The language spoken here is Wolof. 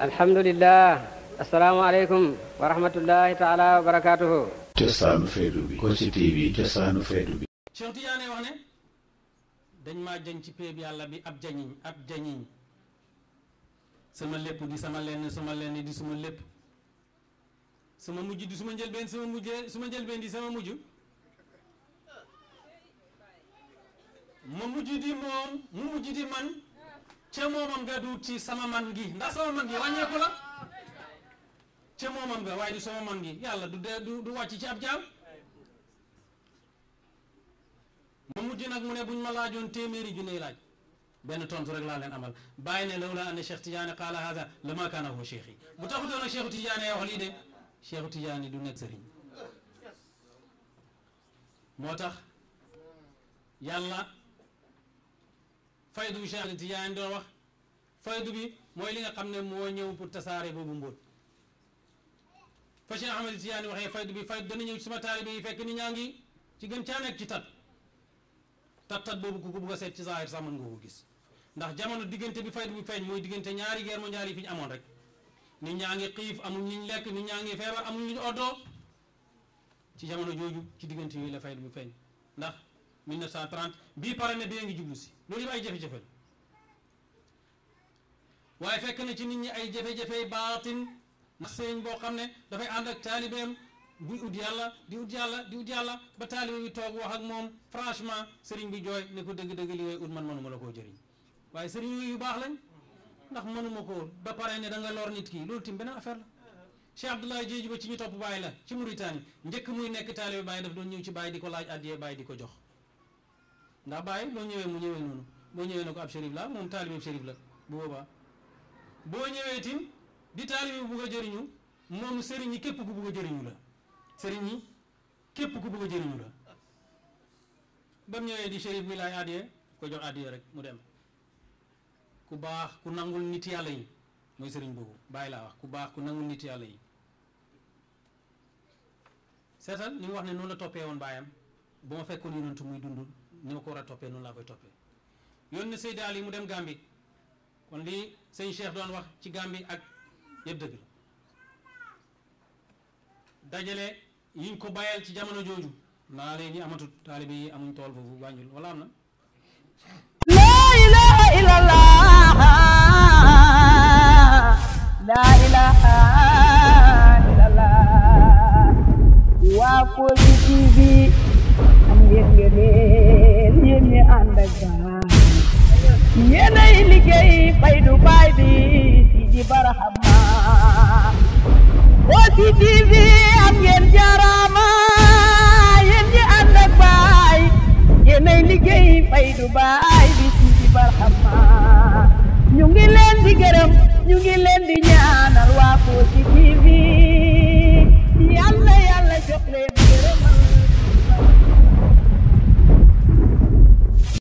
alhamdulillah assalaamu aleykum wa rahmatullahi taala wa barakaatuhu cosaanu feetu bi Kossy TV cosaanu feetu bi Cheikh Tidiane wax ne dañ maa jëñ ci péeb yàlla bi ab jañiñ ab jañiñ sama lépp di sama lenn sama lenn di suma lépp sama mujj di suma njëlbeen sama mujjee suma njëlbeen di sama mujj ma mujj di moom mu mujj di man ce moomam nga du ci sama man gi ndax sama man gi wàññeeku la ce nga waaye sama man gi yàlla du dee du wàcc ci ab jaam mu mujj nag mu ne buñ ma laajoon téeméeri junni laaj benn tontu rek laa leen amal bàyyi ne lawla anna Cheikh Tidiane qaala hada lama kaana huwa cheikh yi bu taxutoon ak Cheikh Tidiane wax lii de Cheikh Tidiane du nekk sëriñ moo tax yàlla faydu Cheikh Tidiane doon wax faydu bi mooy li nga xam ne moo ñëw pour tasaare boobu mbóot fa Cheikh Ahmed Tidiane waxee faydu bi faydu dana ñëw ci sama taalibe yi fekk ni ñaa ngi ci gën caa nekk ci tat tat tat boobu ku ko bugg a seet ci zahir sax man nga ko gis ndax jamono diggante bi faydu bi feeñ mooy diggante ñaari guerre ñaari yi amoon rek nit ñaa ngi xiif amuñ liñ lekk nit ñaa ngi feebar amuñ liñ oddoo ci jamono jooju ci diggante yooyu la faydu bi feeñ ndax 1930 bii pare na bi ngi jublu si loolu yëpp ay jafe-jafe la waaye fekk na ci nit ñi ay jafe-jafe baatin na sëriñ boo xam ne dafay ànd ak taalibeem buy ut yàlla di ut yàlla di ut yàlla ba taalibe bi toog wax ak moom franchement sëriñ bi jooy ne ko dëgg-dëgg li ngay ut man mënuma la koo jëriñ waaye sëriñ yooyu yu baax lañ ndax mënuma ko ba pare ne da nga lor nit ki loolu tim beneen affaire la Cheikh Abdoulaye Diédhiou ba ci ñu topp Baay la ci Mauritanie njëkk muy nekk taalibe Baay daf doon ñëw ci Baay di ko laaj ko jox ndax bàyyi loo ñëwee mu ñëwee noonu boo ñëwee ne ko ab shérif la moom taalibe shérif la bu boobaa boo ñëwee itam di taalibe bugg a jëriñu moom sëriñ yi képp ku bugg a jëriñu la sëriñ yi képp ku bugg a la ba mu ñëwee di shérif mi laay addiyee ko jox addiyee rek mu dem ku baax ku nangul nit yàlla yi mooy sëriñ boobu bàyyi laa wax ku baax ku nangul nit yàlla yi seetal ni mu wax ne noonu la toppee woon baayam bu ma fekkoon yonantu muy dund ni ma ko war a toppee noonu laa koy toppee yónni Seydi Ali mu dem Gàmbi kon lii sëñ Cheikh doon wax ci Gàmbi ak yëpp dëgg la dajale yiñ ko bayal ci jamono jooju ndaa léegi amatut taalibe yi amuñ tool foofu Banjul wala am na Kossy TV am ngeen jaaraama yéen ñi ànd ak baay yéenay liggéey fay du